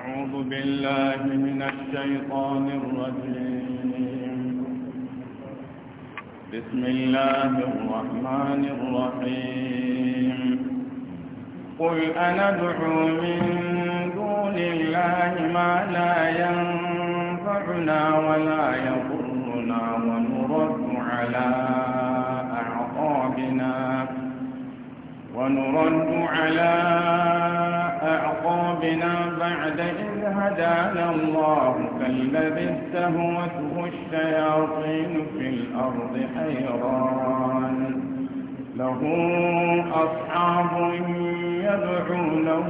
أعوذ بالله من الشيطان الرجيم بسم الله الرحمن الرحيم قل أندعو من دون الله ما لا ينفعنا ولا يضرنا ونرد على أعقابنا ونرد على هدانا الله كالذي استهوته الشياطين في الأرض حيران له أصحاب يدعونه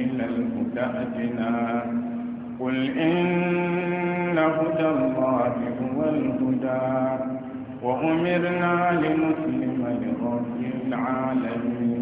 إلى الهدى أتنا قل إن هدى الله هو الهدى وأمرنا لنسلم لرب العالمين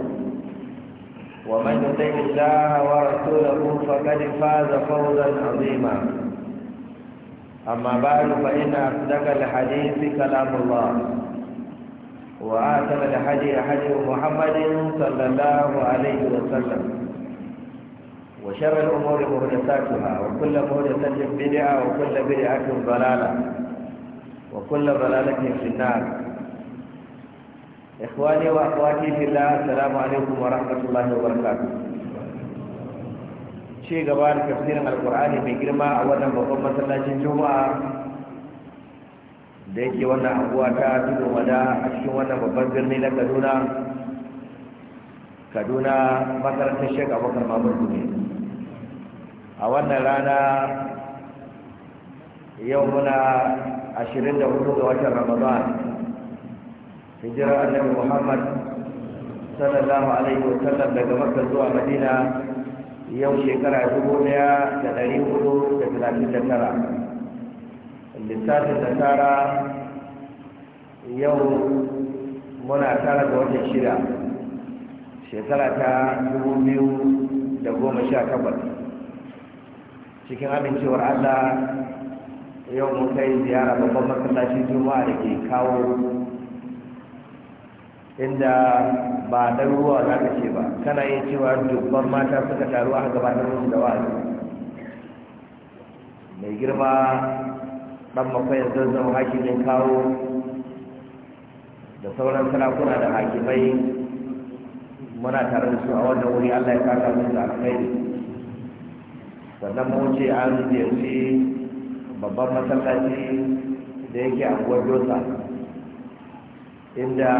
ومن يطع الله ورسوله فقد فاز فوزا عظيما أما بعد فإن أصدق الحديث كلام الله وآتم الحديث حديث محمد صلى الله عليه وسلم وشر الأمور مهدساتها وكل مهدسة بدعة وكل بدعة ضلالة وكل ضلالة في النار ikhwani wa akhwati fillah assalamu alaikum wa rahmatullahi wa barakatuh ce gaba da tafsirin alqur'ani mai girma a wannan babban masallacin juma'a da yake wannan abuwa ta tudu wada a cikin wannan babban birni na kaduna kaduna makarantar shek abubakar mamadu ne a wannan rana yau muna 24 ga watan ramadan hijira annabi muhammad sallallahu alaihi wa sallam daga makka zuwa madina yau shekara dubu daya da ɗari hudu da talatin da tara lissafin nasara yau muna tara da watan shida shekara ta dubu biyu da goma sha takwas cikin amincewar allah yau mun kai ziyara babban masallacin juma'a da ke kawo inda ba dan ruwa za ka ce ba kana yin cewa dubban mata suka taru a gabatar musu da wa'azi mai girma ɗan makwayar zazzau hakimin kawo da sauran sarakuna da hakimai muna tare da su a wannan wuri allah ya kasa su da alkhairi sannan mu ce an ziyarci babban masallaci da yake a dosa inda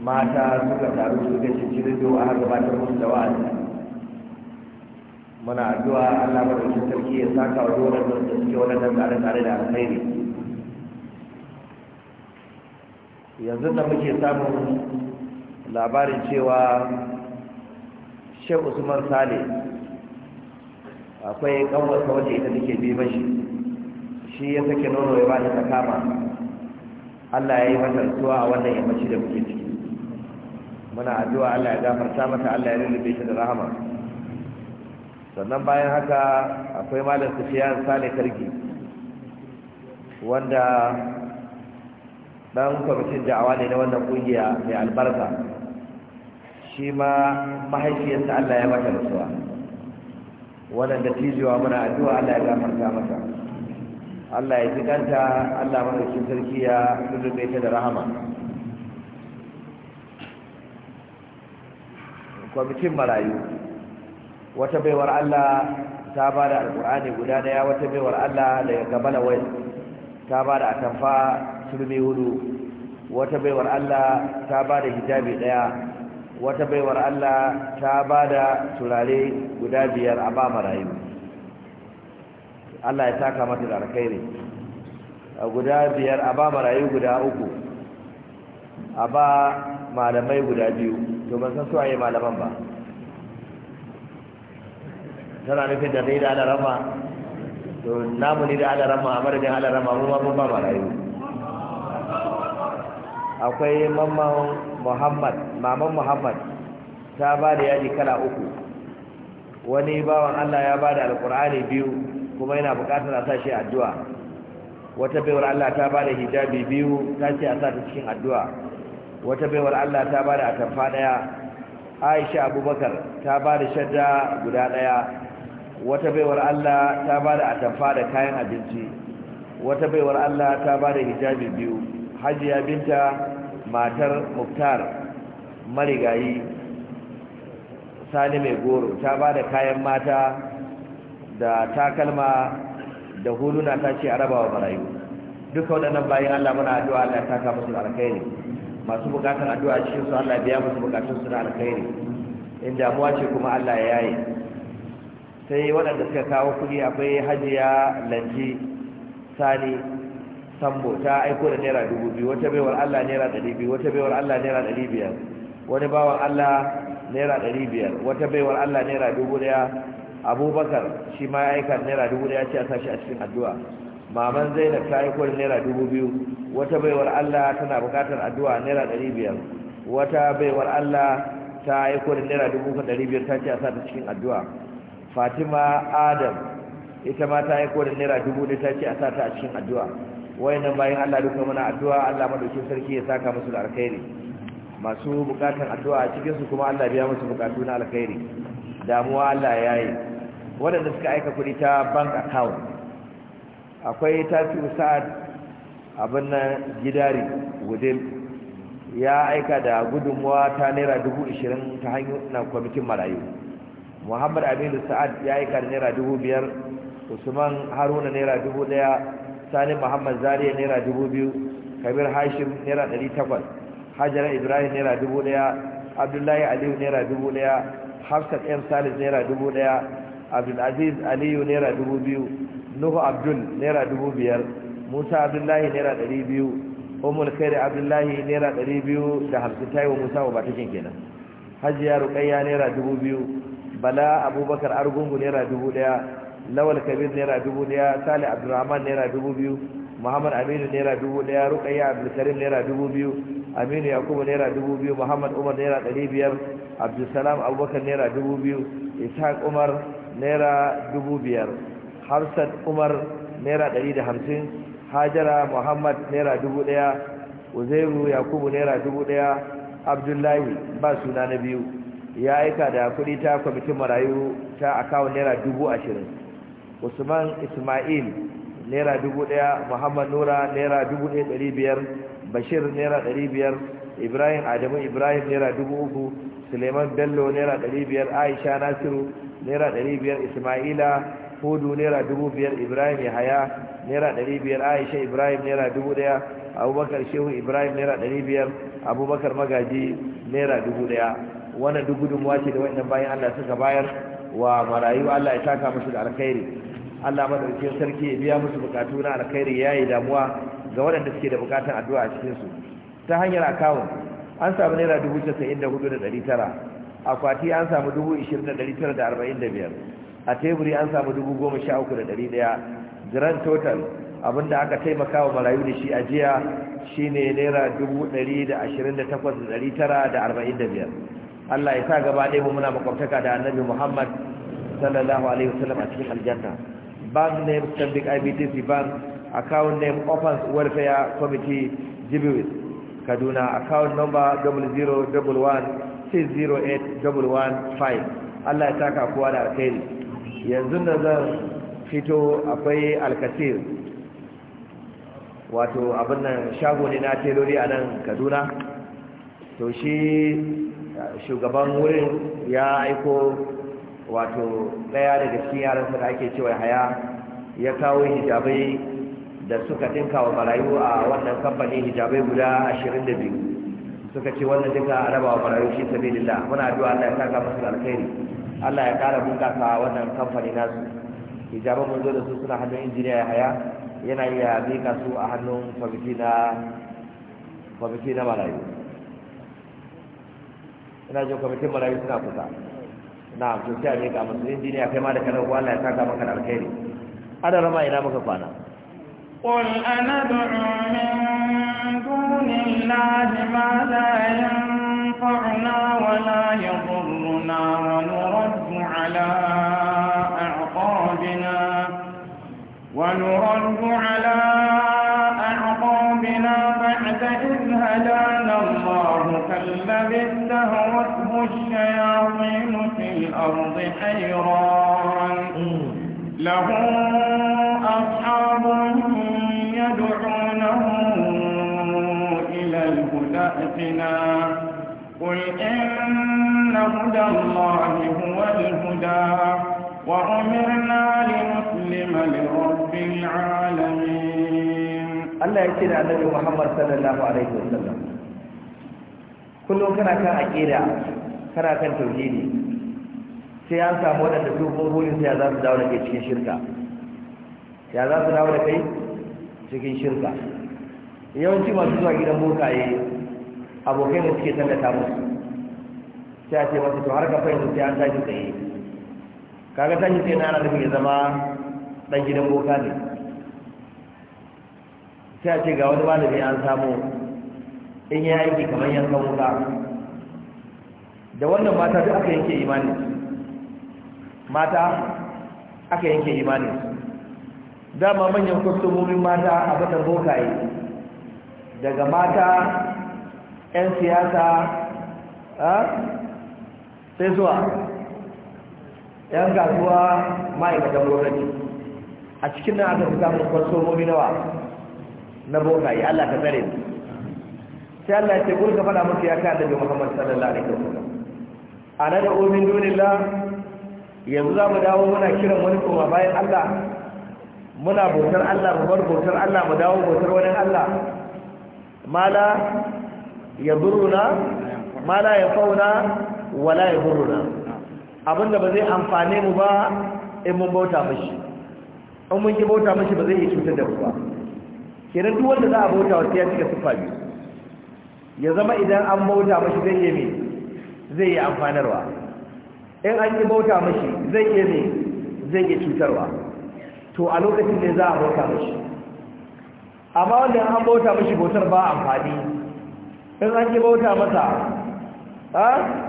mata suka taru su ga shi rido a har gabatar musu da wa'azi muna addu'a Allah madaukakin sarki ya saka wa dole da suke dan tsare-tsare da alkhairi yanzu da muke samun labarin cewa Sheikh Usman Sale akwai kanwarsa wacce ita take bi mashi shi ya sake nono ya ba ta kama Allah ya yi masa rasuwa a wannan yammaci da muke ciki muna addu'a Allah ya gafarta mata Allah ya lullube ta da rahama sannan bayan haka akwai malam Sufyan Sani Kargi wanda dan kwamitin da'awa ne na wannan kungiya mai albarka shi ma mahaifiyarsa Allah ya mata rasuwa wannan da tijiwa muna addu'a Allah ya gafarta mata Allah ya ji kanta Allah madaukakin sarki ya lullube ta da rahama kwamitin marayu wata baiwar Allah ta ba da alƙur'ani guda daya wata baiwar Allah daga kabala wai ta ba da atamfa turmi hudu wata baiwar Allah ta ba da hijabi daya wata baiwar Allah ta ba da turare guda biyar a ba marayu Allah ya saka mata da alkhairi guda biyar a ba marayu guda uku a ba malamai guda biyu to ban san suwaye malaman ba tana nufin da da ala rama to namu ne da ala rama a madadin ala rama mu ma mun ba marayu akwai mamman muhammad maman muhammad ta ba da yaji kala uku wani bawan allah ya ba da alkur'ani biyu kuma yana bukatar a sa shi addu'a wata baiwar allah ta ba da hijabi biyu ta ce a sa ta cikin addu'a wata baiwar Allah ta bada atamfa daya Aisha Abubakar ta bada shadda guda daya wata baiwar Allah ta bada atamfa da kayan abinci wata baiwar Allah ta bada hijabi biyu Hajiya binta matar Muktar marigayi Sani mai goro ta bada kayan mata da takalma da huluna ta ce a rabawa marayu duka waɗannan bayan Allah muna addu'a Allah ta ka musu alkhairi masu bukatar addu'a cikin su Allah biya musu bukatun su na alkhairi in damuwa ce kuma Allah ya yaye sai waɗanda suka kawo kuɗi akwai hajiya lanji sani sambo ta aiko da naira dubu biyu wata baiwar Allah naira ɗari biyu wata baiwar Allah naira ɗari biyar wani bawan Allah naira ɗari biyar wata baiwar Allah naira dubu ɗaya abubakar shi ma ya aika naira dubu ɗaya ce a sashi a cikin addu'a maman zainab ta yi kwari naira dubu biyu wata baiwar allah tana bukatar addu'a naira ɗari biyar wata baiwar allah ta yi kwari naira dubu ɗari biyar ta ce a sata cikin addu'a fatima adam ita ma ta yi kwari naira dubu ɗaya ta ce a sata a cikin addu'a wayannan bayan allah duka mana addu'a allah madaukin sarki ya saka musu da alkhairi masu bukatar addu'a cikin su kuma allah biya musu bukatu na alkhairi damuwa allah ya yi waɗanda suka aika kuɗi ta bank account akwai tasiru sa'ad abin nan gidari gudel ya aika da gudunmuwa ta naira dubu ishirin ta hanyar kwamitin marayu muhammad aminu sa'ad ya aika da naira dubu biyar usman haruna naira dubu daya sani muhammad zariya naira dubu biyu kabir hashim naira ɗari takwas hajjara ibrahim naira dubu daya abdullahi aliyu naira dubu daya hafsat m salis naira dubu daya abdulaziz aliyu naira dubu biyu nuhu abdul naira dubu biyar musa abdullahi naira ɗari biyu umar kai abdullahi naira ɗari biyu da hamsin ta yi wa musa wa batakin kenan hajiya rukayya naira dubu biyu bala abubakar argungu naira dubu ɗaya lawal kabir naira dubu ɗaya Sali abdulrahman naira dubu biyu muhammad aminu naira dubu ɗaya rukayya abdulkarim naira dubu biyu aminu yakubu naira dubu biyu muhammad umar naira ɗari biyar abdulsalam abubakar naira dubu biyu ishaq umar naira dubu biyar hafsat umar naira ɗari da hamsin hajara muhammad naira dubu ɗaya uzairu yakubu naira dubu ɗaya abdullahi ba suna na biyu ya aika da kuɗi ta kwamitin marayu ta akawun naira dubu ashirin usman ismail naira dubu ɗaya muhammad nura naira dubu ɗaya ɗari biyar bashir naira ɗari biyar ibrahim adamu ibrahim naira dubu uku suleiman bello naira ɗari biyar aisha nasiru naira ɗari biyar ismaila hudu naira dubu biyar ibrahim yahaya naira ɗari biyar aisha ibrahim naira dubu ɗaya abubakar shehu ibrahim naira ɗari biyar abubakar magaji naira dubu ɗaya wannan duk gudunmuwa ce da wannan bayan allah suka bayar wa marayu allah ya taka musu da alkhairi allah madaukakin sarki ya biya musu bukatu na alkhairi ya yi damuwa ga waɗanda suke da bukatun addu'a a cikinsu ta hanyar akawun an samu naira dubu casa'in da hudu da ɗari tara akwati an samu dubu ishirin da ɗari tara da arba'in da biyar a teburi an samu dubu goma sha uku da ɗari ɗaya grand total abinda aka taimaka wa marayu da shi a jiya ne naira dubu ɗari da ashirin da takwas da ɗari tara da arba'in da biyar allah ya sa gaba ɗaya mu muna makwabtaka da annabi muhammad sallallahu alaihi wasallam a cikin aljanna bank name stanbic ibtc bank account name offense welfare committee jibiwis kaduna account number five allah ya taka kowa da alkhairi yanzu da zan fito akwai alkasir wato abin nan shago ne na telori a nan kaduna to shi uh, shugaban wurin ya aiko wato daya daga cikin yaransa da ake cewa haya ya kawo hijabai da suka dinka wa marayu a wannan kamfani hijabai guda 22 suka ce wannan duka a raba wa marayu shi lilla muna addu'a Allah ya saka musu alkhairi Allah ya kara bunƙasa wannan kamfani nasu hijaban mun zo da su suna hannun injiniya ya haya yana iya mika su a hannun kwamiti na kwamiti na marayu ina jin kwamitin marayu suna kusa na amfani sai a mika musu injiniya kai ma da kanar Allah ya saka maka da alkhairi ana rama ina muka kwana قل أندعو من دون الله ما لا ينفعنا ولا يضرنا ونرى على أعقابنا ونرد على أعقابنا بعد إذ هدانا الله كالذي استهوته الشياطين في الأرض حيران له أصحاب يدعونه إلى الهدى قل إن إن هدى الله هو الهدى وأمرنا لنسلم لرب العالمين الله محمد صلى الله عليه وسلم kullum kan kan sai an samu waɗanda su burin sai za su dawo da ke cikin shirka ya za su dawo da kai cikin shirka yawanci masu zuwa gidan bokaye abokai da suke tallata musu sai a ce masu to har ka fahimta sai an tashi tsaye kaga tashi tsaye na ana nufin ya zama dan gidan boka ne sai a ce ga wani malami an samu in yi aiki kamar yankan wuka da wannan mata duk aka yanke imani mata aka yanke imani dama manyan kwastomomin mata a boka bokaye daga mata 'yan siyasa ah, sai zuwa yan kasuwa ma'aikatan gwamnati a cikin nan aka fi samun kwansomomi nawa na boka. yi Allah ka tsare su sai Allah ya ce kuri ka faɗa musu ya kai annabi Muhammad sallallahu alaihi wasallam nan da umin dunillah yanzu za mu dawo muna kiran wani kuma bayan Allah muna bautar Allah mu bar bautar Allah mu dawo bautar wani Allah mala ya yadurruna mala ya fauna. wala ya huruna abinda ba zai amfane mu ba in mun bauta mashi in mun ki bauta mashi ba zai iya cutar da mu ba kenan duk wanda za a bauta wa ya cika sufa biyu ya zama idan an bauta mashi zai yi zai yi amfanarwa in an ki bauta mashi zai yi me zai yi cutarwa to a lokacin ne za a bauta mashi amma wanda an bauta mashi bautar ba amfani in an ki bauta masa ha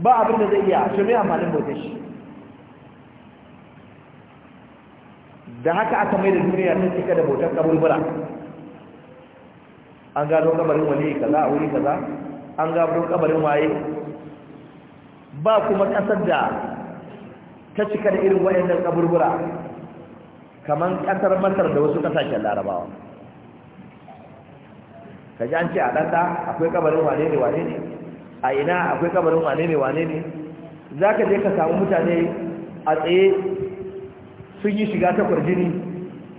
ba abin da zai iya to me amfanin bautar shi da haka aka mai da duniya ta cika da bautar kaburbura an gano kabarin wali kaza a wuri kaza an gano kabarin waye ba kuma kasar da ta cika da irin wayannan kaburbura kaman kasar Masar da wasu kasashen Larabawa ji an ce a danda akwai kabarin wane ne wane ne a ina akwai kabarin wane ne wane ne za ka je ka samu mutane a tsaye sun yi shiga ta kwarjini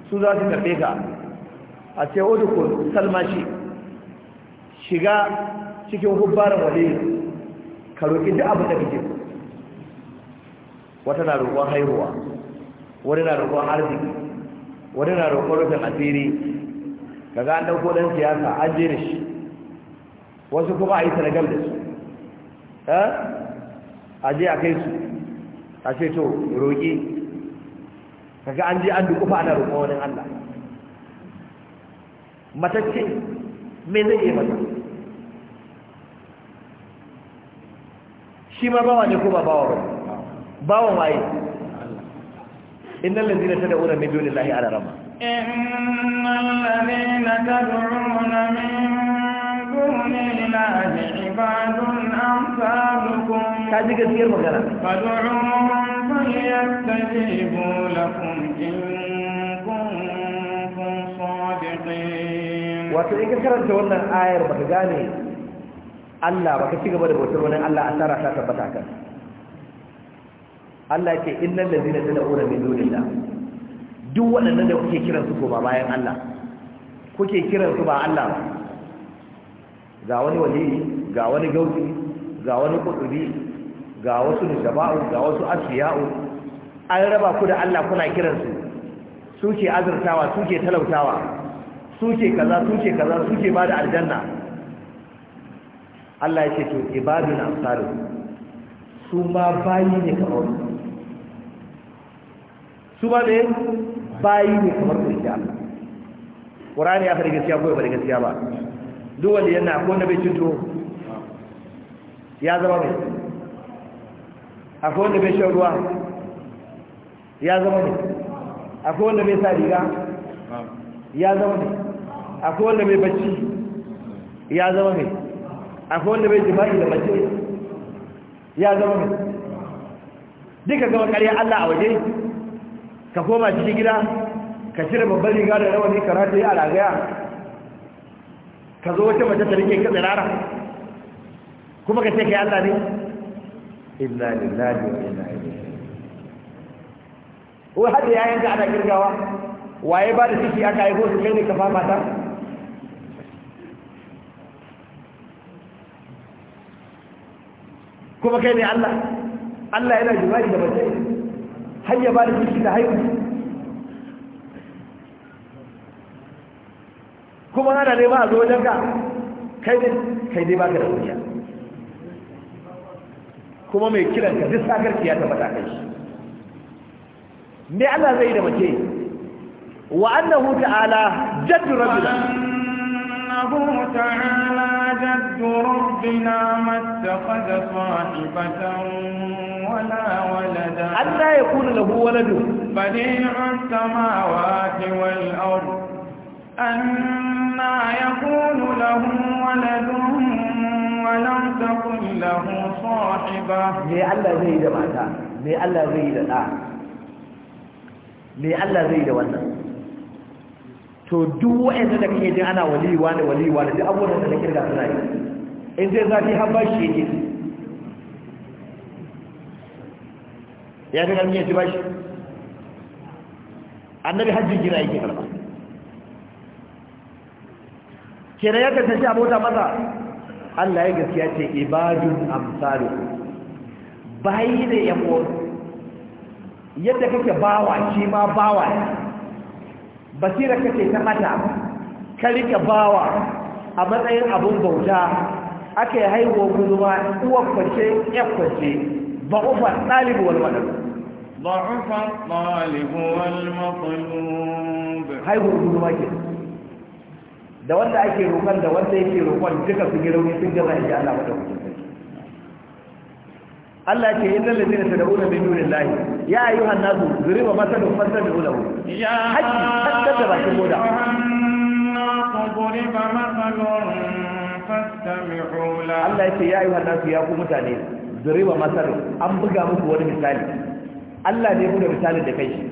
su za su karfe ka a ce odukun oh, salmashi shiga cikin hubbarin wale ka roƙi duk abin da kake wata na roƙon haihuwa wani na roƙon arziki wani na roƙon rufin asiri ga an ɗauko ɗan siyasa an jere shi wasu kuma a yi sanagal da su a je a kai su a ce to roƙi kaga an je an dukufa ana roƙon wani Allah matacce me zai yi mata shi ma bawa ne ko ba bawa ba bawan waye innal ladina tad'una min dunillahi ala rama innal ladina tad'una min دون الله عباد أمثالكم كذلك كثير مغنى فادعوهم فليستجيبوا لكم إن كنتم Allah baka ci gaba da bautar wani Allah asara ta tabbata kan Allah ce innal ladina tad'una min dunillah duk waɗannan da kuke kiransu ko ba bayan Allah kuke kiransu ba Allah ba ga wani waliyi ga wani gauti ga wani kutubi ga wasu nishaba'u ga wasu asiya'u an raba ku da Allah kuna kiransu su ke azurtawa su ke talautawa su ke kaza su ke kaza su ke bada aljanna Allah ya ce to ibadun amsalu su ma bayi ne kamar su ma ne bayi ne kamar su ke Allah Qur'ani ya fara gaskiya ko ba da gaskiya ba duk wanda yana ko na bai cin tuwo ya zama mai akwai wanda bai shan ruwa ya zama mai akwai wanda bai sariga riga ya zama mai akwai wanda bai bacci ya zama mai akwai wanda bai jima'i da mace ya zama mai duka gama karya Allah a waje ka koma cikin gida ka cire babban riga da rawani karatu ya a ragaya ka zo wata mace ta rike ka tsirara kuma ka ce ka yi Allah ne illa lillahi wa inna ilaihi wa hadda yayin ka ana girgawa waye ba da ciki aka haifo su kai ne ka fama ta kuma kai ne Allah Allah yana jima'i da mace hayya ba da ciki da haihu kuma ne nema a zo wajen ka kai ne kai dai da kunya kuma mai kiran ka duk sakarki ya ta kai shi ne Allah zai da mace wa annahu ta'ala jaddu rabbina سبحانه تعالى جد ربنا ما اتخذ صاحبة ولا ولدا ألا يكون له ولد بديع السماوات والأرض أن يكون له ولد ولم تكن له صاحبة Allah zai yi da mata me Allah zai yi da ɗa me Allah zai yi da wannan to duk wa'anda da kake jin ana waliwa da waliwa da abubuwan da kake riga suna yi in zai zafi har shi yake ya ga ba shi hajji kenan ya kasance abota masa Allah ya gaskiya ce ibadun amsalu bayi ne ya ko yadda kake bawa shi ma bawa basira kake ta mata ka rike bawa a matsayin abun bauta aka yi haihuwa guzuma uwar kwace ya kwace ba ufa ɗalibu wani wadda ba ufa ɗalibu wani matsalub haihuwar guzuma ke da wanda ake roƙon da wanda yake roƙon duka su gero ne sun gaza inji Allah mata hukun sarki Allah ke yin lalle zai ta da'una min dunin lahi ya ayu nasu zuri masalun fasa da ulahu haji tattar da bakin boda Allah ya ce ya ayu nasu ya ku mutane zuri wa masar an buga muku wani misali Allah ne buga misalin da kai shi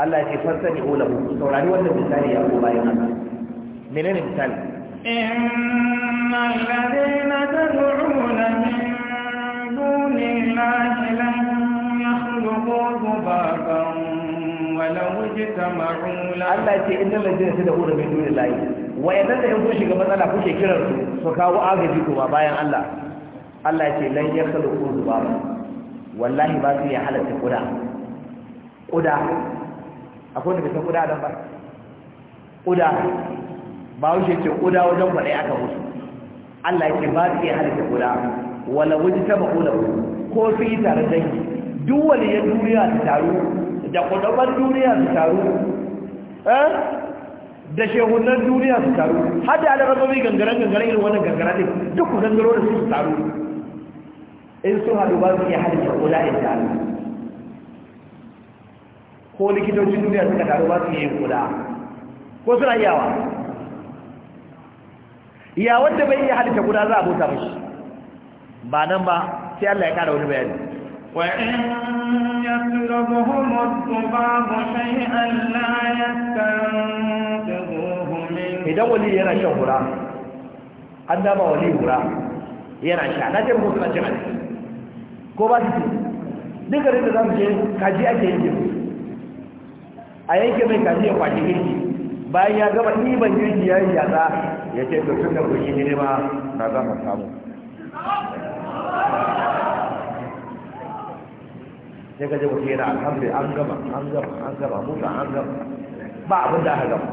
Allah ya ce fasa da ulahu saurari wannan misali ya ko bayan Allah menene misali innal ladina tad'una min dunillahi lan yakhluqu dhubaban walau ijtama'u la Allah ce innal ladina tad'una min dunillahi da shiga matsala kuke kiran su su kawo agaji kuma bayan Allah Allah ce lan yakhluqu dhubaban wallahi ba su ya halatta kuda kuda akwai da bisa kuda dan ba kuda ba wuce ce kuda wajen kwaɗai aka mutu Allah ya ce ba su iya halitta kuda wala wuce ta ba kuda ko su yi tare dangi duk ya duniya su taru da kudaban duniya su taru eh? da shehunan duniya su taru har da alarabobi gangaren gangaren irin wannan gangaren ne duk ku gangaro da su taru in sun haɗu ba su iya halitta kuda in taru ko likitocin duniya suka taru ba su iya kuda ko suna iyawa ya wanda bai iya halitta guda za a bota mashi ba nan ba sai Allah ya kara wani bayani wa in yasrubuhum tubabu shay'an la yastanzuhum idan wali yana shan hura an dama wali hura yana sha na ce mutum ce ne ko ba shi duka da za mu je kaji ake yin yi a yanke mai kaji ya kwaji girki bayan ya gaba iban girki ya yi yasa ya ce to tun da kun yi hidima na zama samu sai ka ji mutum yana alhamdu an gama an gama an gama mutu an gama ba abin da aka gama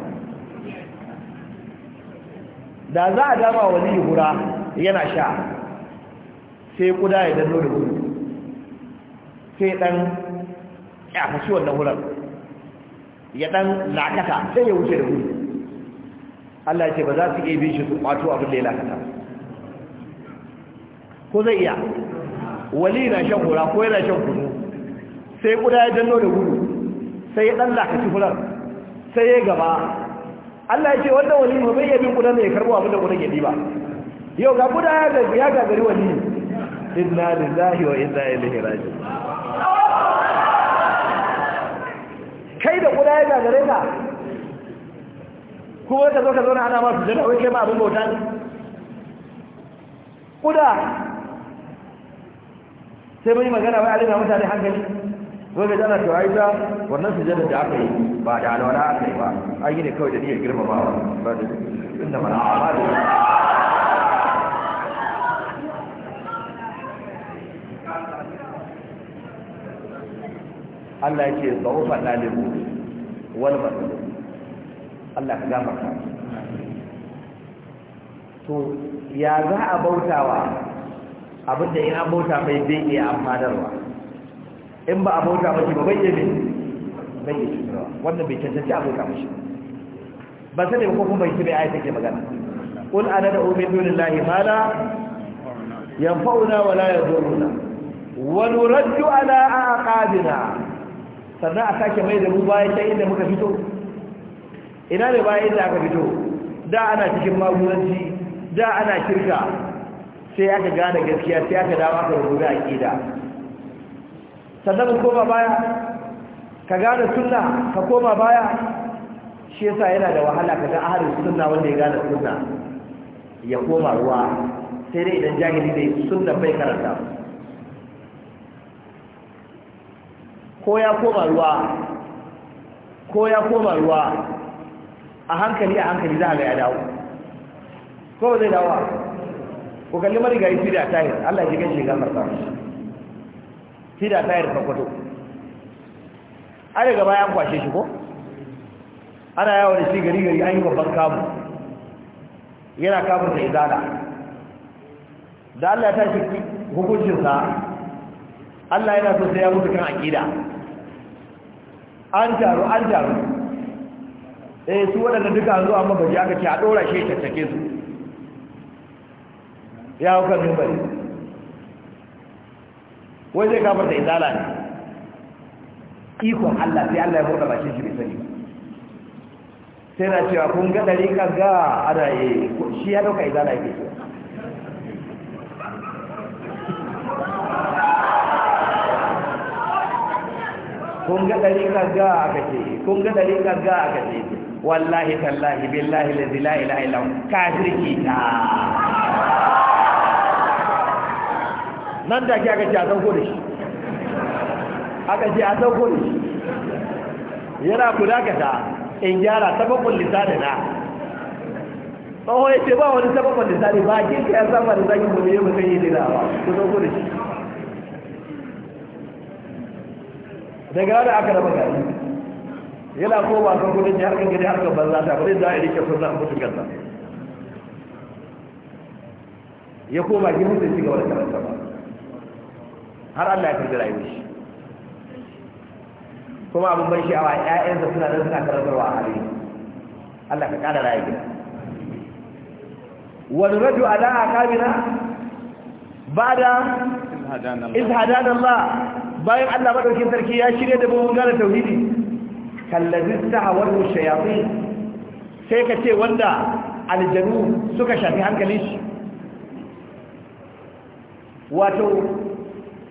da za a dama wani hura yana sha sai kuda ya danno da gudu sai dan ya fashi wannan hurar ya dan lakata sai ya wuce da ku. Allah ya ce ba za su iya bin shi su kwato abin da ya lakata ko zai iya wali na shan hura ko yana shan kunu sai kuda ya janno da gudu sai ya dan lakaci hular sai ya gaba Allah ya ce wanda wali ma bai bin kudan da ya karbo abin da kudan ya diba yau ga kuda ya ga ya ga wali inna lillahi wa inna ilaihi raji. kai da kuda ya ga ka kuma ka zo ka zo na ana masu jana wai kai ma abin bauta ne kuda sai mun yi magana wai alima mutane hankali zo ga jana to aisha wannan sujada da aka yi ba da alwala aka yi ba an yi ne kawai da niyyar girmamawa ba da inda mana amalu Allah ya ce zaufan ɗalibu wal matsalin Allah ka gafarta to ya za a bautawa abin da in an bauta mai zai iya amfanarwa in ba a bauta mashi ba bai yi bai yi cutarwa wannan bai cancanci a bauta mashi ba sai da kuma bai ci bai ayi ke magana qul ana da umin dunillahi ma la yanfa'una wa la yadurruna wa nuraddu ala aqabina sannan a sake mai da mu bayan ta inda muka fito ina ne bayan da aka fito da ana cikin maguzanci. da ana shirka sai aka gane gaskiya sai aka dawo aka rubuta ƙida. sannan koma baya ka gane sunna ka koma baya shi yasa yana da wahala ka ga ahlus sunna wanda ya gane sunna ya koma ruwa sai dai idan jahili dai suna bai karanta ko ya koma ruwa ko ya koma ruwa a hankali a hankali za a ga ya dawo ko zai dawo ko kalli marigayi fida tahir Allah ya gaishe ga marfa fida tahir fakwato ai gaba ya kwashe shi ko ana yawo da shi gari gari an yi babban kamu yana kamun ta izana da Allah ya tashi hukuncinsa Allah yana so sai ya mutu kan aƙida an taru an taru eh su waɗanda duka an zo amma aka ce a ɗora shi tattake su ya hau kan mimbari wai sai ka da izala ne ikon Allah sai Allah ya buɗe ba shi bai sani sai na cewa kun ga ɗari ka ga ana yi shi ya ɗauka izala yake cewa kun ga ɗari ka ga aka ce kun ga ɗari ka ga aka ce wallahi tallahi billahi lazi la ilaha illa kafirki ta nan da ke aka ce a sauko da shi aka ce a sauko da shi yana ku ta in gyara sababin lisani na tsoho ya ce ba wani sababin lisani ba kinka ya ba da zaki mu ne mutum yi dina ba ku sauko da shi daga wani aka raba gari yana ko ba san kudin ji harkar gari harkar banza ta bari za a rike sunna mutu kansa ya koma ba gini ci shiga wani karanta ba har Allah ya fi rayuwar shi kuma abin ban sha'awa ƴaƴansa suna da suna karantarwa a hali Allah ka kada rayu gina wani raju da'a kamina ba da izhadanallah bayan Allah maɗaukin sarki ya shirya da bugun gane tauhidi kallazi sahawatu shayatin sai ka ce wanda aljanu suka shafi hankali shi wato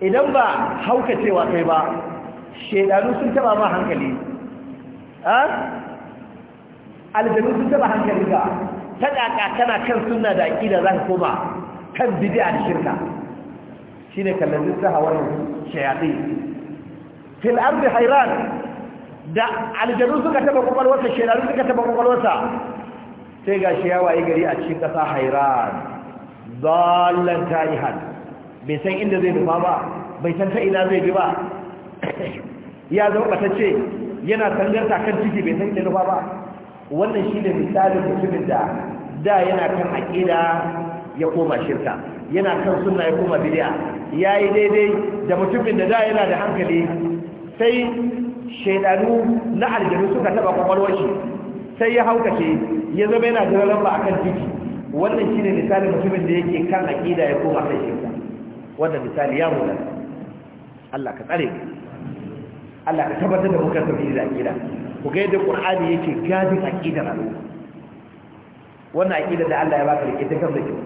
idan ba haukacewa kai ba shaidanu sun taba ma hankali aljanu sun taba hankali ga ta daka kana kan suna da aqida zan koma kan bid'a da shirka Shi shine kallazi sahawatu shayatin Filar da hayran da aljanu suka taba kwakwalwarsa shekaru suka taba kwakwalwarsa sai ga shi yawa yi gari a cikin ƙasa hairan zallan tarihan bai san inda zai nufa ba bai san ta ina zai bi ba ya zama ɓatacce yana tangarta kan ciki bai san inda nufa ba wannan shi da misalin mutumin da da yana kan aƙida ya koma shirka yana kan suna ya koma bidiya ya yi daidai da mutumin da da yana da hankali sai shaidanu na aljanu suka taba kwakwalwar shi sai ya haukace ya zama yana jiragen ba a kan titi wannan shine misali mutumin da yake kan aqida ya koma kan shirka wannan misali ya mula Allah ka tsare Allah ka tabbatar da muka tafi da aqida ku ga yadda qur'ani yake gadin aqidar al'umma wannan aqida da Allah ya baka da ita kan da duk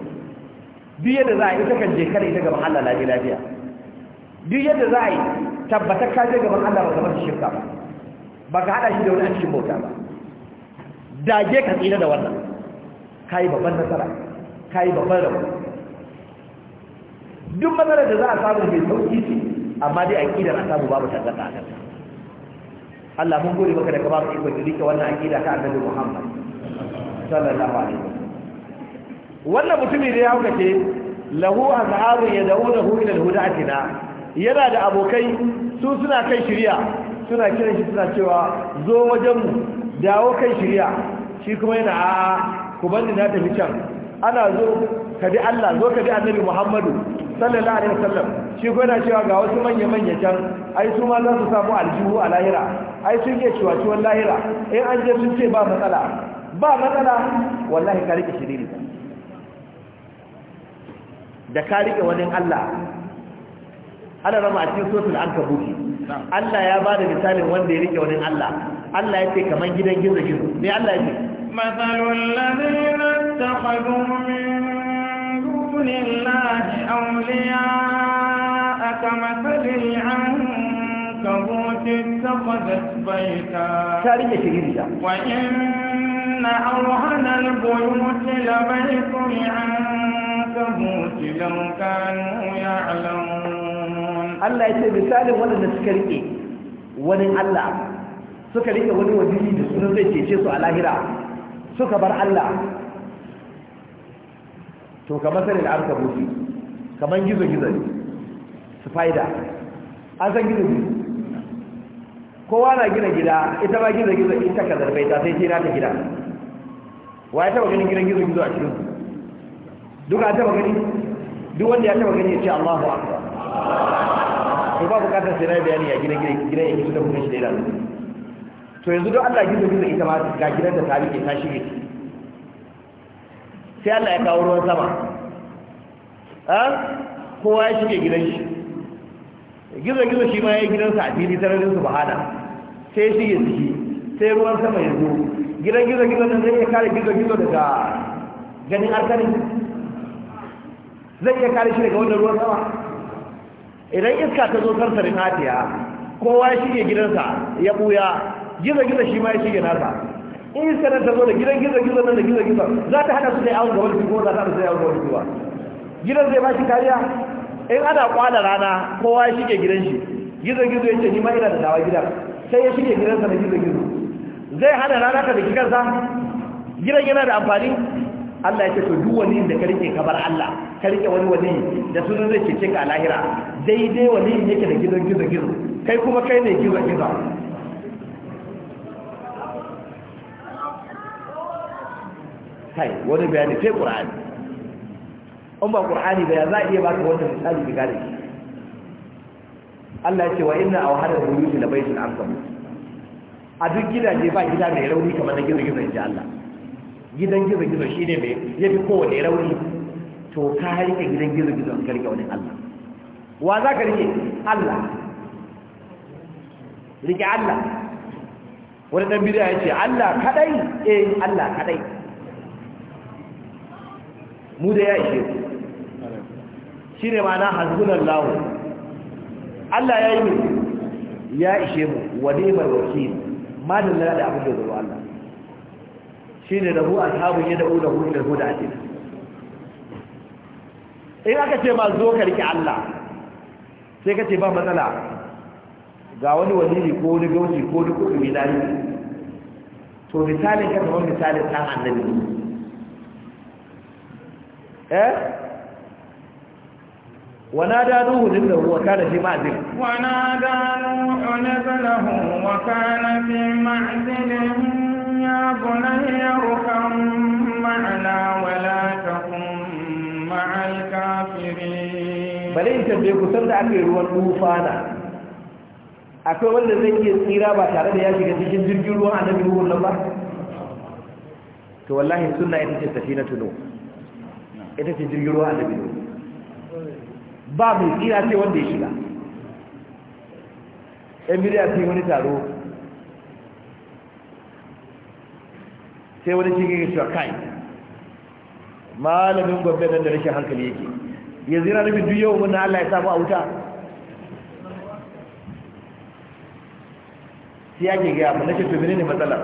yadda za a yi ta kan je kare ita gaban Allah lafiya duk yadda za a yi tabbatar ka je gaban Allah ba kamar shirka ba ba ka hada shi da wani a cikin bauta ba dage ka tsira da wannan kai babban nasara kai babban rabo duk matsalar da za a samu mai sauki ce amma dai aqidar a samu babu tangarda a kanta Allah mun gode maka da ka ba mu iko rike wannan aqida ta Annabi Muhammad sallallahu alaihi wasallam wannan mutumin da ya hauka ce lahu azharu yad'unahu ila al-hudatina yana da abokai su suna kai shirya suna kiran shi suna cewa zo wajenmu dawo kai shirya shi kuma yana a ku bani na tafi can ana zo ka bi Allah zo ka bi annabi Muhammadu sallallahu alaihi wasallam shi kuma yana cewa ga wasu manya manya can ai su ma za su samu aljihu a lahira ai sun ke cewa ciwon lahira in an je sun ce ba matsala ba matsala wallahi ka rike shiriri da ka rike wani Allah ana rama a cikin sotul an kabuki Allah ya ba da misalin wanda ya rike wani Allah Allah ya ce kamar gidan gizo gizo ne Allah ya ce matsalul ladina taqadu min dunillahi awliya akamathalil ankabut taqadat baita tarihi shigiriya wa inna awhana albuyut Allah ya ce misalin waɗanda suka riƙe wani Allah suka riƙe wani wajiri da sunan zai cece su a lahira suka bar Allah to kamar sani da arka bufi kamar gizo-gizo ne faida an san gizo-gizo kowa na gina gida ita ba gizo-gizo ita ka zarfai ta sai ce ta gida wa ya taba ganin gidan gizo-gizo a cikin duka taba gani duk wanda ya taba gani ya ce allahu akbar sai ba bukatar sai na bayani ya gina gina ya yake da kuma shi da idanu to yanzu don Allah gizo gizo ita ma ga gidan da ta rike ta shige sai Allah ya kawo ruwan sama a kowa ya shige gidan shi gizo gizo shi ma ya yi gidansa a fili sararin su bahana sai shige ciki sai ruwan sama ya zo gidan gizo gizo nan zai iya kare gizo gizo daga ganin arkanin zai iya kare shi daga wannan ruwan sama idan iska ta zo sarsarin hatiya kowa ya shige gidansa ya buya gizo-gizo shi ma ya shige nasa in iska ta zo da gidan gizo nan da gizo za ta hada su da yawon gaban su ko za ta hada su da yawon gaban su gidan zai ba shi kariya in ana kwana rana kowa ya shige gidan shi gizo ya ce ni ma ina da dawa gidan sai ya shige gidansa da gizo-gizo zai hana rana ka da gidansa gidan yana da amfani Allah ya ce to duk wani da ka rike kabar Allah ka rike wani wani da sunan zai cece ka lahira daidai wani yake da gidan gizo gizo kai kuma kai ne gizo gizo kai wani bayani sai qur'ani an ba qur'ani ba ya za iya baka wannan misali da gare Allah ya ce wa inna awhara buyuti la baytul amsam a duk gidaje ba gida mai rauni kamar na gizo gizo inji Allah gidan gizo-gizo shi ne mai ya fi kowane rauni to ka harika gidan gizo-gizo ka rike wani Allah wa za ka rike Allah rike Allah wani ɗan bidiyar ya ce Allah kaɗai eh Allah kaɗai mu da ya ishe shi ne ma'ana hasbunan lawo Allah ya yi mu ya ishe mu wani mai wakil ma da lalata abin da zuwa Allah shi ne rahu a shabin yi da'u da hu da hu da ake in aka ce ma zo ka karki Allah sai ka ce ba matsala ga wani waliri ko wani gauci ko duk kuɗi mai lari to misalin ka zama misalin ta annabi eh wana da nuhu din da huwa kana fi ma'azin wana da nuhu din da huwa kana fi ma'azin يا بني اركم معنا ولا تكن مع الكافرين بل انت بيكو سند اكي ruwan dufana akwai wanda zai iya tsira ba tare da ya shiga cikin jirgin ruwan annabi ruwan nan ba to wallahi sunna ita ce safina tuno ita ce jirgin ruwan annabi ba mai tsira sai wanda ya shiga emiriya sai wani taro sai wani shi yake cewa kai malamin gwamnati nan da rashin hankali yake yanzu yana nufin duk yau mun Allah ya samu a wuta sai yake gaya mu nake to menene matsalar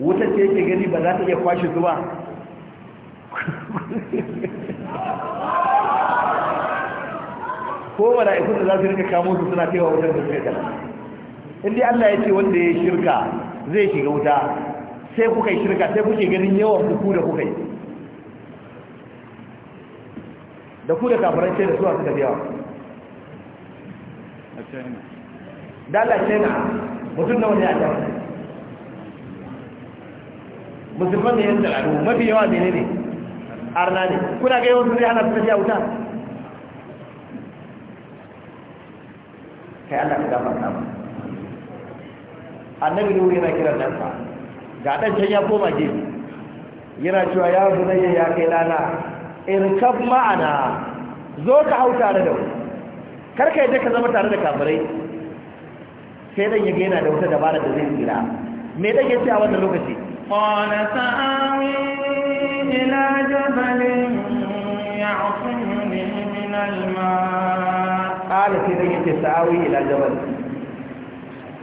wuta ce yake gani ba za ta iya kwashe su ba ko ikon da za su rika kamo su suna cewa wutar da suka kala in dai Allah ya ce wanda ya shirka zai shiga wuta sai kuka yi shirka sai kuke ganin yawan ku da kuka yi da ku da kafirai sai da suwa suka yawa dala china mutum na wani ajiyar musulman da yin tsararru mafi yawa mene ne arna ne kuna ga yawan su zai hana su tafiya wuta kai allah ka gafarta ba annabi ne wuri yana kiran nan fa ga ɗan can ya koma gefe yana cewa ya zunaye ya kai lana irkab ma'ana zo ka hau tare da karka yadda ka zama tare da kafirai sai dan yage yana da wata dabara da zai tsira me dan yace a wannan lokaci qala sa'i ila jabalin ya'tuni min al-ma qala sai dan yace sa'awi ila jabal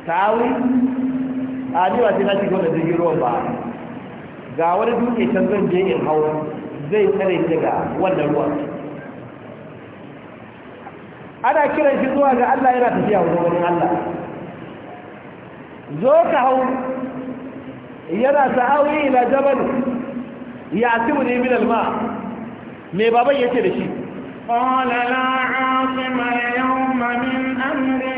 sa'awi a ba sai na shiga wannan jirgin ruwan ba ga wani duke can zan je in hau zai tsare ta ga wannan ruwan ana kiran shi zuwa ga Allah yana tafiya wajen wani Allah zo ka hau yana sa'awi ila jabal ya timu ne min alma me baban yake da shi qala la asima yawma min amri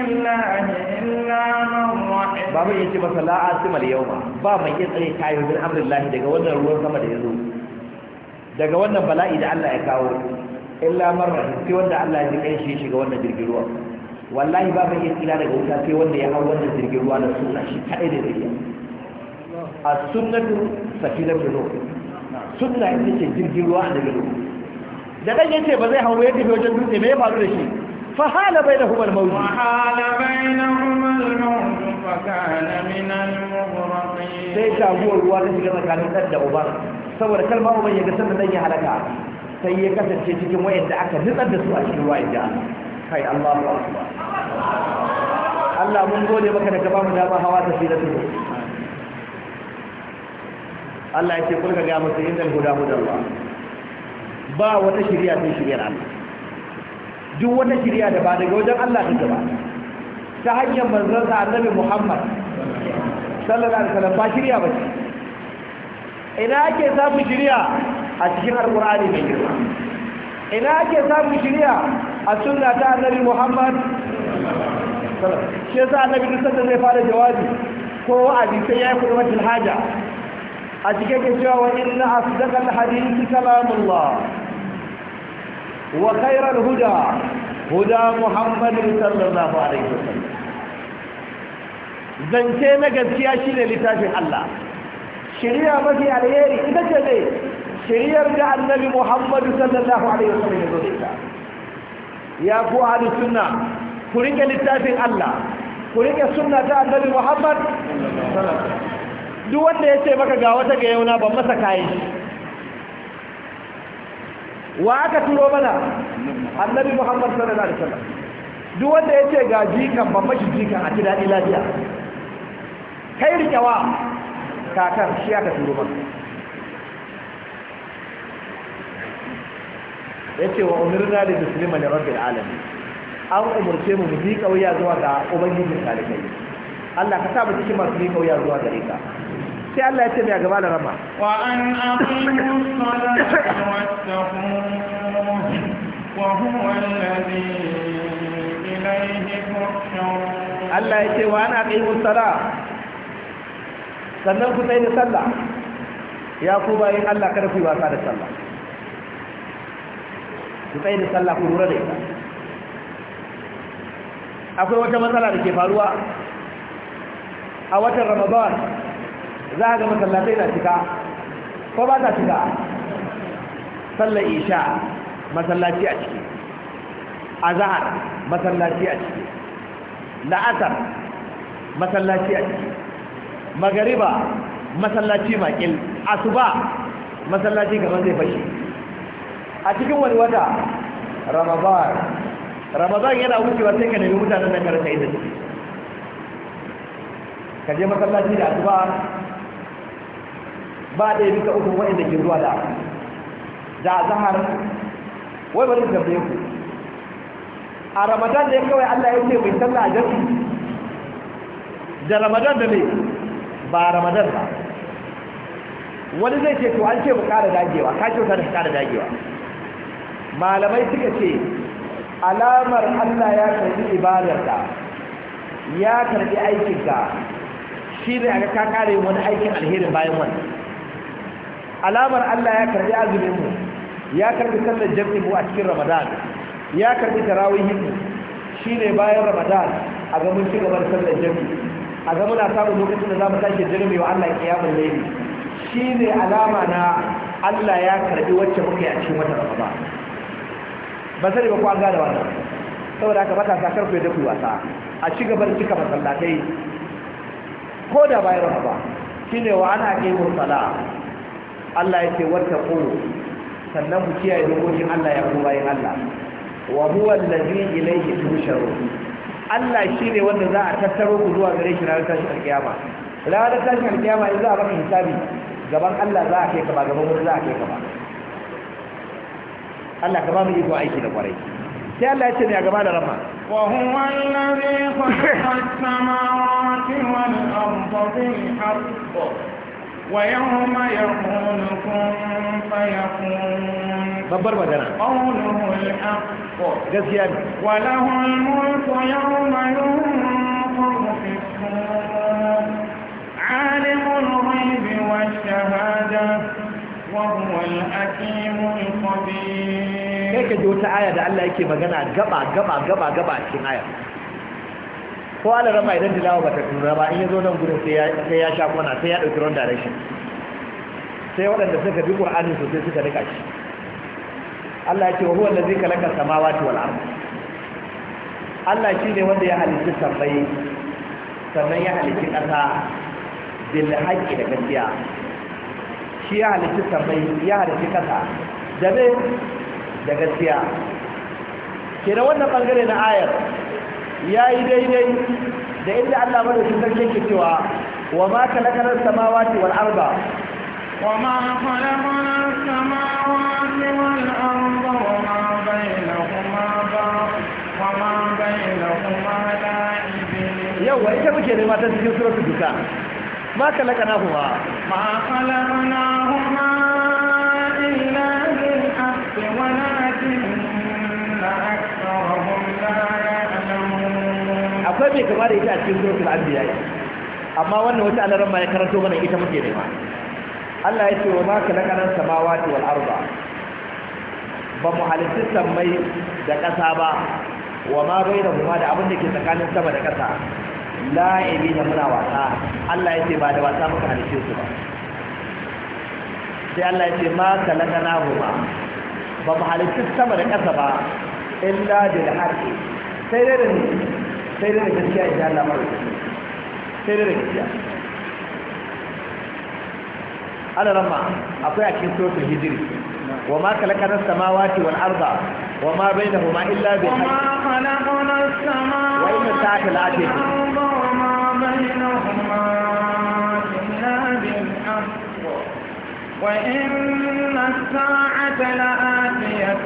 ba ya ce masa la simal yawma ba mai iya tsare kayo bin amrillahi daga wannan ruwan sama da ya daga wannan bala'i da Allah ya kawo illa marra sai wanda Allah ya ji kai shi shiga wannan jirgin ruwa wallahi ba mai iya tsira daga wuta sai wanda ya hau wannan jirgin ruwa na suna shi kadai da zai a sunnatu safinatu ruh sunna ita ce jirgin ruwa daga gado da dan yace ba zai hawo ya tafi wajen dutse me ya faru da shi فحال بينهما الموت وحال بينهما الموت فكان من المغرقين سيدا هو الوارد كما كان يتدع بر صور كلمة ومن يقسم من أيها لك سيكا تشيتك وين دعك نتدع سواشك الوائد جاء خير الله أكبر الله من قول يبقى نكبام جاما هوا تسيدة الله الله لك يا مسيح الهدى هدى الله با وتشريع في شريع الله duk wata shirya da ba daga wajen Allah ta ba ta hanyar manzon sa annabi Muhammad sallallahu alaihi wasallam ba shirya ba ce ina ake samun shirya a cikin alqur'ani mai girma ina ake samun shirya a sunna ta annabi Muhammad shi yasa annabi duk sanda zai fara jawabi ko wa'azi sai ya yi kurmatul haja a cikin cewa wa inna asdaqal hadisi kalamullah وخير الهدى هدى محمد صلى الله عليه وسلم zance na gaskiya shi ne littafin Allah shari'a mafi alheri ita ce ne shari'ar da annabi Muhammadu sallallahu alaihi wasallam ya zo da ita ya ku ahli sunna ku rike littafin Allah ku rike sunna ta annabi Muhammad duk wanda ya ce maka ga wata ga yau na ban masa kayan shi wa aka turo mana annabi muhammad sallallahu alaihi wasallam duk wanda ya ce ga jikan ban mashi jikan a lafiya kai rikewa kakan shi aka turo mana ya wa umirna da muslima da rabbil alamin an umarce mu mu bi kauya zuwa ga ubangiji kalikai Allah ka sa mu cikin masu bi kauya zuwa gare ka sai Allah ya ce mai gaba da rama Allah ya ce wa ana aqimu salata sannan ku sai da sallah ya ku bayan Allah kada ku yi wasa da sallah ku sai da sallah ku lura da ita akwai wata matsala da ke faruwa a watan Ramadan za a ga masallatai na cika ko ba ta cika sallar isha masallaci a ciki azahar masallaci a ciki la'asar masallaci a ciki magariba masallaci makil asuba masallaci kamar zai fashi a cikin wani wata ramadan ramadan yana wucewa sai ka nemi mutanen nan karanta inda ciki. ka je masallaci da asuba ba da duka uku ukun da ke zuwa da da zahar wai bari da bai ku a ramadan ne kawai Allah ya ce mai sallah a jami'i da ramadan da ne ba ramadan ba wani zai ce to an ce mu kara dagewa ka kyauta da kara dagewa malamai suka ce alamar Allah ya karbi ibadarta, ya karbi aikinka shi ne aka ka kare wani aikin alherin bayan wani. alamar Allah ya karbi azumin mu ya karbi sallar jami'in mu a cikin ramadan ya karbi tarawihin mu shine bayan ramadan a ga mun ci gaba sallar jami'i a ga muna samun lokacin da za mu tashi jirmi wa Allah kiyamul layli shine alama na Allah ya karbi wacce muka yi a cikin wata ramadan ba sai ba ku an gane wannan saboda haka matasa karfe da ku wasa a ci gaba cika masallatai ko da bayan ramadan shine wa ana kai mursala Allah yake wata kuru sannan ku kiyaye dokokin Allah ya kuma yin Allah wa huwa allazi ilayhi tusharu Allah shine wanda za a tattaro ku zuwa gare shi ranar tashin alkiyama ranar tashin alkiyama in za a maka hisabi gaban Allah za a kai ka ba gaban wani za a kai ka ba Allah ka ba mu iko aiki da kwarai sai Allah ya ce ne a gaba da rama وهو الذي خلق السماوات والأرض بالحق ويوم يقولكم فيقول قوله الحق جزيان وله الملك يوم ينفر في السور عالم الغيب والشهادة وهو الحكيم الخبير كيف يجوز الآية ده الله يكي مجنع جبع جبع جبع جبع كيف ko ala rama idan tilawa ba ta tura ba in ya zo nan gudun sai ya sha kwana sai ya ɗauki wrong direction sai waɗanda suka bi ƙur'anin sosai suka rika shi Allah ya ce wa huwa allazi khalaqa samawati wal ardh Allah shi ne wanda ya halicci sammai sannan ya halicci ƙasa bil haqqi da gaskiya shi ya halicci sammai ya halicci ƙasa da da gaskiya kenan wannan bangare na ayar ya yi daidai da inda Allah madaukin sarki yake cewa wa ma kalakarar samawati wal arba wa ma kalakarar samawati wal arba wa ma kuma ba wa ma bainahuma la'ibin yau wa ita muke nema ta cikin suratul duka ma kalakana huma ma kalakana kuma. akwai mai kama da ita a cikin suratul anbiya amma wannan wata alaran ma ya karanto mana ita muke nema Allah ya ce wa ma kalaqana samawati wal arda ba mu halitta sammai da ƙasa ba wa ma bainahuma da abin da ke tsakanin sama da ƙasa la'ibi da muna wasa Allah ya ce ba da wasa muka halice su ba sai Allah ya ce ma kalakana huma ba mu halitta sama da ƙasa ba illa bil haqi sai da ni. sai dai da gaskiya ya Allah ba sai dai da gaskiya ala ramma akwai a cikin suratul hijri wa ma khalaqana samawati wal arda wa ma bainahuma illa bil haqq wa ma khalaqana samawati wa inna sa'ata la'atiyah wa ma bainahuma illa bil haqq وإن الساعة لآتية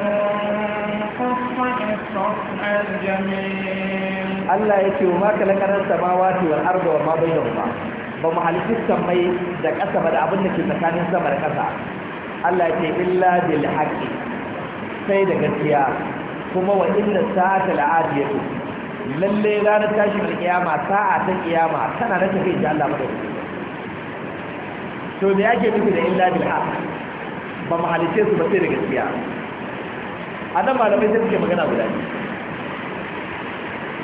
قصة الصفح الجميل Allah ya ce wa ma kalakarar samawati wal arda wa ma bainahuma ba mu halitta sammai da ƙasa ba da abin da ke tsakanin sama da ƙasa Allah ya ce illa bil haqqi sai da gaskiya kuma wa inna sa'ata la'adiyatu lalle ranar tashin alkiyama sa'a ta kiyama tana da tafi da Allah madaukakin to me yake nufi da illa bil haqq ba mu halitta su ba sai da gaskiya anan malamai sai suke magana guda biyu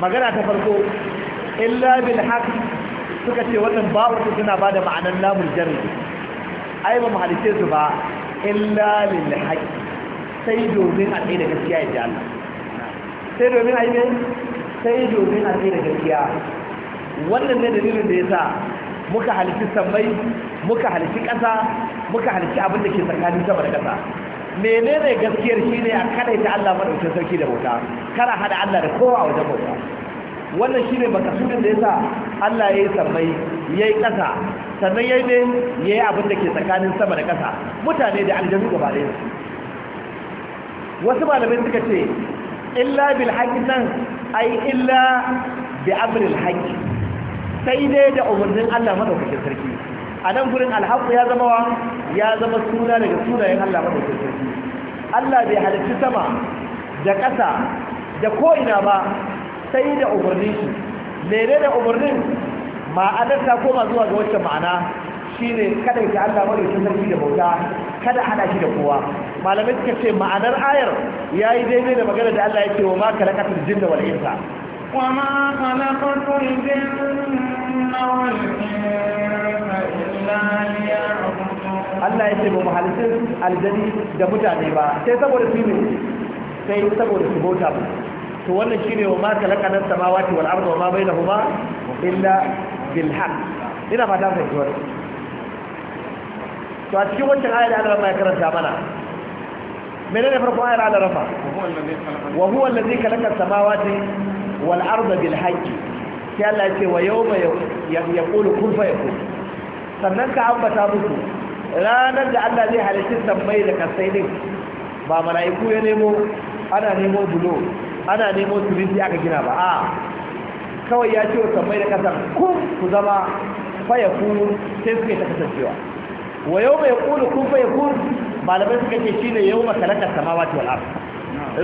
magana ta farko illa bil haq suka ce wannan babu su suna ba da ma'anar lamun jarri ai ba mu halice su ba illa lil haq sai domin a tsaye da gaskiya ya ji sai domin a yi ne sai domin a tsaye da gaskiya wannan ne dalilin da ya sa muka halici sammai muka halici ƙasa muka halici abin da ke tsakanin sama da ƙasa menene gaskiyar shine a kada ta Allah madaukakin sarki da bauta kada hada Allah da kowa a wajen bauta wannan shine makasudin da yasa Allah yayi sammai yayi kasa sannan yayi ne yayi abin da ke tsakanin sama da kasa mutane da aljanu gaba ɗaya wasu malamai suka ce illa bil nan ai illa bi amril haki. sai dai da umarnin Allah madaukakin sarki a nan gurin alhaku ya zama wa ya zama suna daga sunayen Allah madaukakin sarki Allah bai halarci sama da ƙasa da ko'ina ba sai da umarnin shi mene da umarnin ma'anarta koma zuwa ga wacce ma'ana shine kada ki Allah madaukakin sarki da bauta kada hada shi da kowa malamai suka ce ma'anar ayar yayi daidai da magana da Allah yake wa ma kalakatul jinna wal insa wa ma kalakatul jinna wal Allah ya ce ba mu halittun aljani da mutane ba sai saboda su ne sai saboda su bauta ba to wannan shine wa ma kalakanan samawati wal ardi wa ma bainahuma illa bil haqq ina fata sai kiwar to a cikin wancan ayar da Allah ya karanta mana menene farko ayar Allah rafa wa huwa allazi khalaqa samawati wal arda bil haqq sai Allah ya ce wa yawma yaqulu kun fayakun sannan ka ambata musu ranar da Allah zai halitta tambayi da kasaidin ba mala'iku ya nemo ana nemo bulo ana nemo siminti aka gina ba a kawai ya ce wa tambayi da kasar kun ku zama faya kunu sai suka yi ta kasancewa wa yau mai kunu kun faya kun malamai suka ce shi ne yau makalakar samawa ce wal'ar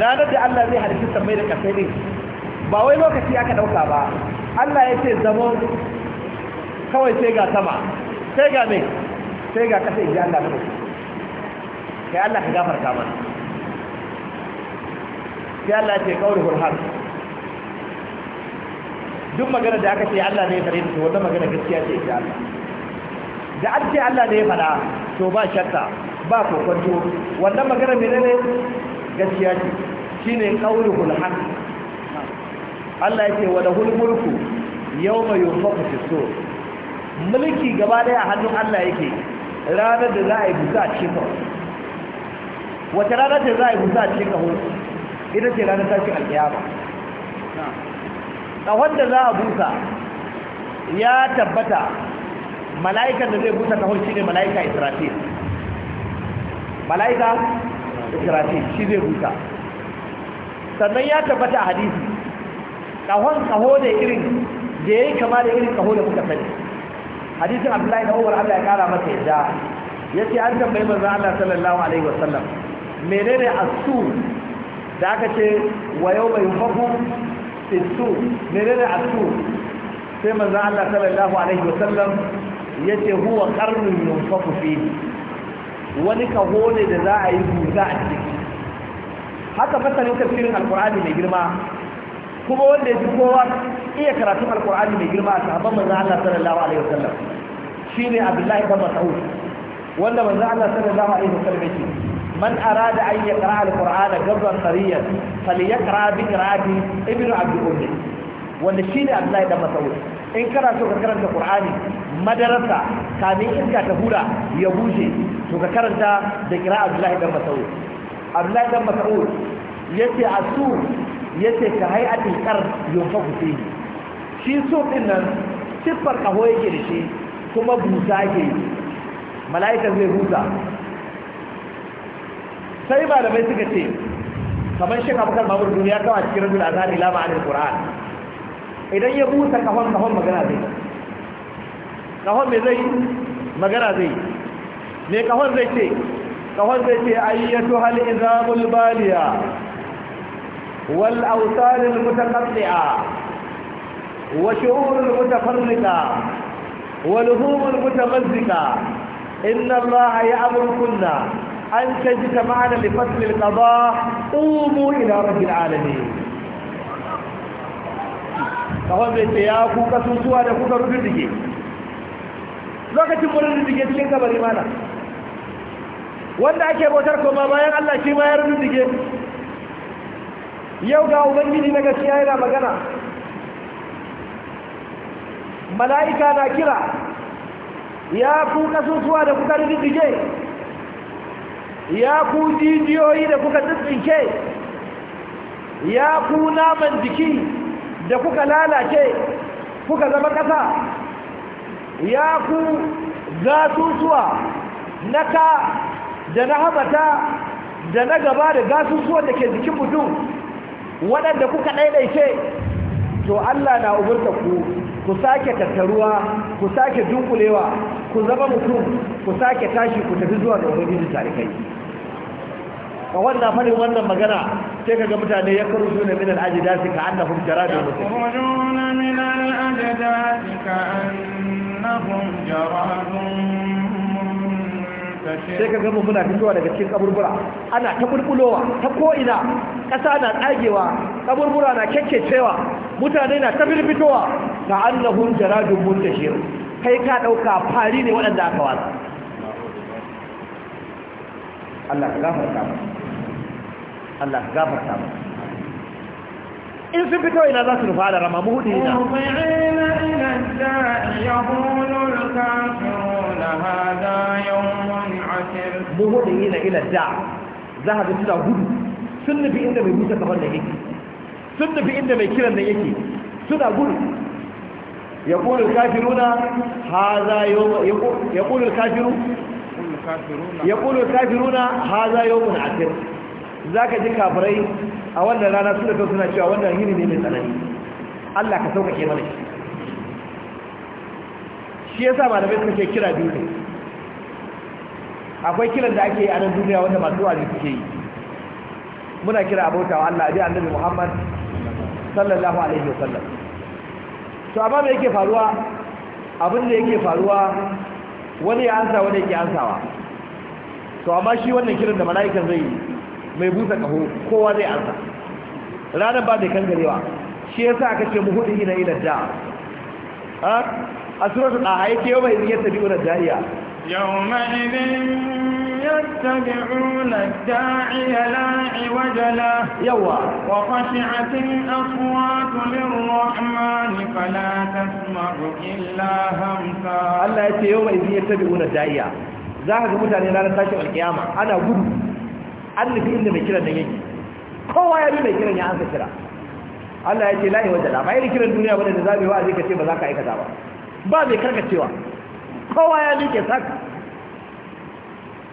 ranar da Allah zai halitta tambayi da kasaidin ba wai lokaci aka ɗauka ba Allah ya ce zama kawai sai ga sama sai ga mai sai ga kasa inji Allah ka kai Allah ka gafarta mana sai Allah ce kauri hurhar duk magana da aka ce Allah ne ya fare ta wannan magana gaskiya ce ita Allah da an ce Allah ne ya fara to ba shakka ba kokonto wannan magana ne gaskiya ce shine kauri hurhar Allah ya ce wa lahul mulku yawma yunfaqu fi sur mulki gaba daya a hannun Allah yake ranar da za a yi busa a cikin kawo wata ranar da za a yi busa a cikin kawo ita ce ranar tashin alkiyama a wanda za a busa ya tabbata mala'ikan da zai busa kahon shi ne mala'ika israfil mala'ika israfil shi zai busa sannan ya tabbata a hadisi kahon kaho da irin da ya yi kama da irin kaho da muka sani hadisin abdullahi na umar allah ya kara masa yadda ya ce an tambayi manzan allah sallallahu alaihi wasallam a su da aka ce wa yau mai fahu ne a su sai manzan allah sallallahu alaihi wasallam ya ce huwa karnin yunfaku fi wani kaho ne da za a yi buza a ciki haka fasalin tafsirin alkur'ani mai girma kuma wanda ya fi kowa iya karatun alkur'ani mai girma a sahabban manzan Allah sallallahu alaihi wasallam ne Abdullahi ibn Mas'ud wanda manzan Allah sallallahu alaihi wasallam yake man arada an yaqra alqur'ana gabran sariyan falyaqra bi qira'ati ibnu abd ummi wanda shi ne Abdullahi ibn Mas'ud in kana so ka karanta qur'ani madarasa kamin iska ta hura ya bushe to ka karanta da qira'a Abdullahi ibn Mas'ud Abdullahi ibn Mas'ud yace asu yace ka hay'atin kar yunfa kufi shi so din nan siffar kaho ke da shi kuma busa ke. mala'ika zai busa sai malamai suka ce kamar shi kafin mamur duniya kawo a cikin rajul azhar ila ma'anar qur'an idan ya busa kafan kafan magana zai kafan me zai magana zai me kafan zai ce kafan zai ce ayyatu hal izamul baliya والأوثان المتقطعة وشعور المتفرقة ولهوم المتمزقة إن الله يأمركن أن تجتمعن لفصل القضاء قوموا إلى رب العالمين فهم يتياكو كسوسوا أن يكون ربي دي لو كنت مرد دي وانا أكي بوتركم ما بايان الله كي يرد دي yau ga ubangiji na gaskiya yana magana mala'ika na kira ya ku kasusuwa da kuka riddige ya ku jijiyoyi da kuka tsintsinke ya ku naman jiki da kuka lalace kuka zama ƙasa ya ku gasusuwa na ka da na hamata da na gaba da gasusuwa da ke jikin mutum waɗanda kuka ɗaiɗaice to Allah na umarta ku ku sake tattaruwa ku sake dunkulewa ku zama mutum ku sake tashi ku tafi zuwa da ubangiji tare kai a wannan fari wannan magana ka ga mutane ya karu zuna min al'ajida su ka annahum da mutum sai ka gama muna fitowa daga cikin kaburbura ana ta bulbulowa ta ko'ina ƙasa na ɗagewa, kaburbura na kyakkyacewa mutane na ta fitowa ga annahun jaradun muntashir kai ka ɗauka fari ne waɗanda aka wasa Allah ka gafar mu Allah ka gafarta mu in sun fito ina za su rufa da rama muhudi ina هذا يوم عسر مهرعين إلى الداع ذهب إلى هدو سن في إنما يموت كمان يكي سن في إنما يكيرا يكي سن أقول يقول الكافرون هذا يوم يقول, يقول الكافرون يقول الكافرون هذا يوم عسر ذاك دي كافرين أولا لا نسلك سنة شو أولا هيني من الأناني الله كسوك يمنش shi yasa malamai suka ce kira biyu ne akwai kiran da ake yi a nan duniya wanda masu wani suke yi muna kira abautawa Allah abi annabi Muhammad sallallahu alaihi wasallam to amma me yake faruwa abin da yake faruwa wani ya ansa wani yake ansawa to amma shi wannan kiran da mala'ikan zai yi mai busa kaho kowa zai ansa ranar ba mai kangarewa shi yasa aka ce mu hudu ina ila da أسرت يتبعون الداعية لا عوج له وقشعت وخشعت الأصوات للرحمن فلا تسمع إلا همسا الله يتبعون الداعية ذاهب مثلا إلى الناس والقيامة أنا أقول أن في إن نجي كوا يا بي مكرا نعم فكرا كرا الدنيا ولا نزابي ba karka karkacewa kowa ya liƙe saka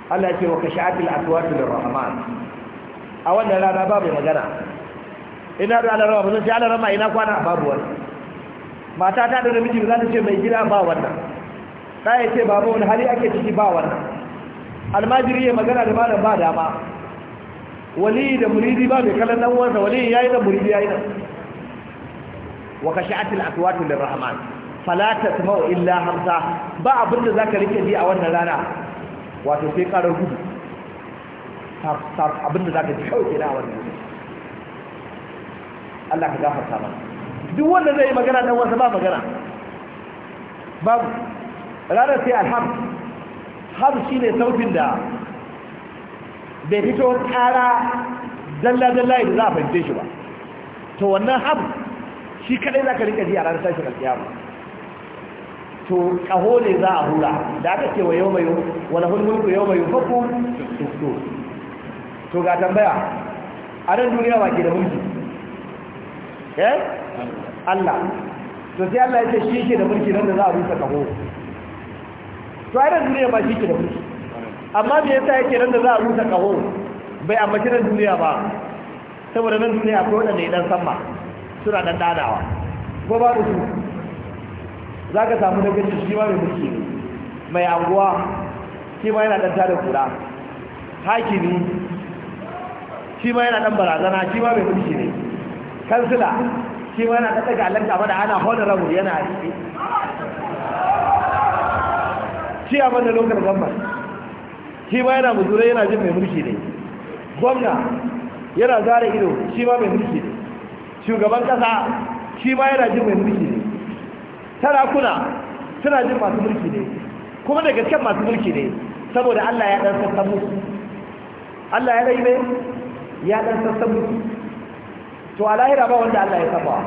Allah ce wa ka sha'atil da lirrahman a wannan rana ba mai magana ina da Allah rama sai Allah rama ina kwana babu wani mata ta da namiji ba za ta ce mai gida ba wannan ta ya ce babu wani hali ake ciki ba wannan almajiri ya magana da malam ba dama wali da muridi ba mai kallon dan uwansa wali yayi da muridi yayi da wa ka sha'atil da lirrahman falata sama illa hamsa ba abin da za ka rike ji a wannan rana wato sai karar gudu abin da za ka ji kawai ke a wannan Allah ka gafarta ba duk wanda zai yi magana dan wasa ba magana babu ranar sai alham ham shi ne sautin da bai fito tsara dalla-dalla da za a fahimce shi ba to wannan ham shi kadai za ka rika ji a ranar tashin alkiyama to kaho ne za a hura da aka ce wa yau mai wani hulmulku yau mai hukuku to to ga tambaya a nan duniya ba ke da mulki eh Allah to sai Allah ya ce shi ke da mulki nan da za a rusa kaho to a nan duniya ba shi ke da mulki amma me yasa yake nan da za a rusa kaho bai shi nan duniya ba saboda nan duniya akwai wadanda ne dan sama suna dan dadawa ko ba su za ka samu na gaci shi ma mai mulki mai anguwa shi ma yana ɗan tada kura hakimi shi ma yana ɗan barazana shi ma mai mulki ne kansila shi ma yana ɗan ɗaga alanta mana ana rabu, yana aiki shi a manna lokar gamba shi ma yana muzurai yana jin mai mulki ne gwamna yana zara ido shi ma mai mulki ne shugaban ƙasa shi ma yana jin mai mulki ne sarakuna suna jin masu mulki ne kuma da gaske masu mulki ne saboda Allah ya dan sassan musu Allah ya rai ne ya dan sassan musu to a lahira ba wanda Allah ya saba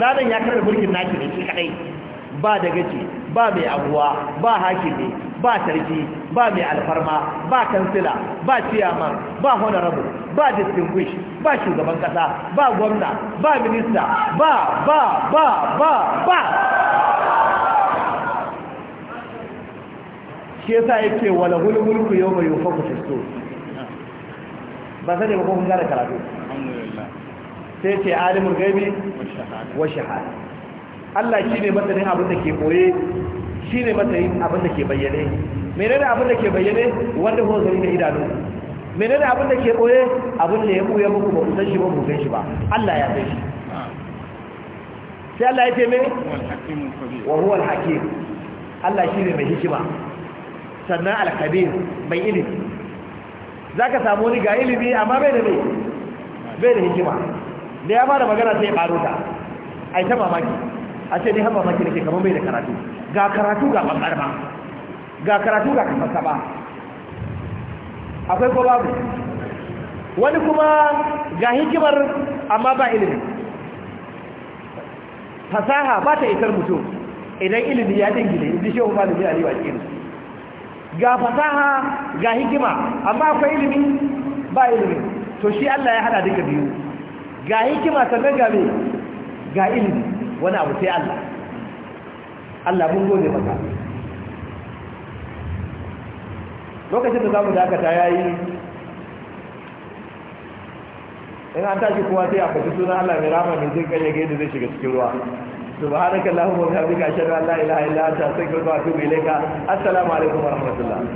ranar ya karɓi mulkin naki ne shi kadai ba da gaci ba mai abuwa, ba hakimi ba sarki ba mai alfarma ba kansila ba ciyama ba honorable ba distinguished ba shugaban kasa ba gwamna ba minista ba ba ba ba ba ke sa yake wala yau mai yufaku fi sur ba sai ba ko kun gara karatu alhamdulillah sai ce alimul gaibi wa shahada Allah shi ne matsayin abin da ke boye shi ne matsayin abin da ke bayyane menene abin da ke bayyane wanda ko zai da idanu menene abin da ke boye abin da ya buya muku ba ku san shi ba ku san shi ba Allah ya san shi sai Allah ya ce me wa huwa al-hakim Allah shi ne mai hikima sannan al-kabir mai ilimi zaka samu ni ga ilimi amma bai da me, bai da hikima da ya fara magana sai ya karo ta ai ta mamaki a ce ni haɓa maki nake kamar bai da karatu ga karatu ga ɓangar ba ga karatu ga kamar ba akwai ko babu wani kuma ga hikimar amma ba ilimi fasaha ba ta isar mutum idan ilimi ya dingine inda shehu da a riwa cikin ga fasaha ga hikima amma akwai ilimi ba ilimi to shi Allah ya hada duka biyu ga hikima sannan ga ga ilimi wani abu sai Allah Allah mun gode maka lokacin da za mu dakata ya yi in an tashi kuwa sai a faɗi sunan Allah mai rama mai jin kanya gaida zai shiga cikin ruwa subhanaka allahumma wa bihamdika ashhadu an la ilaha illa anta astaghfiruka wa atubu ilayka assalamu alaikum wa rahmatullah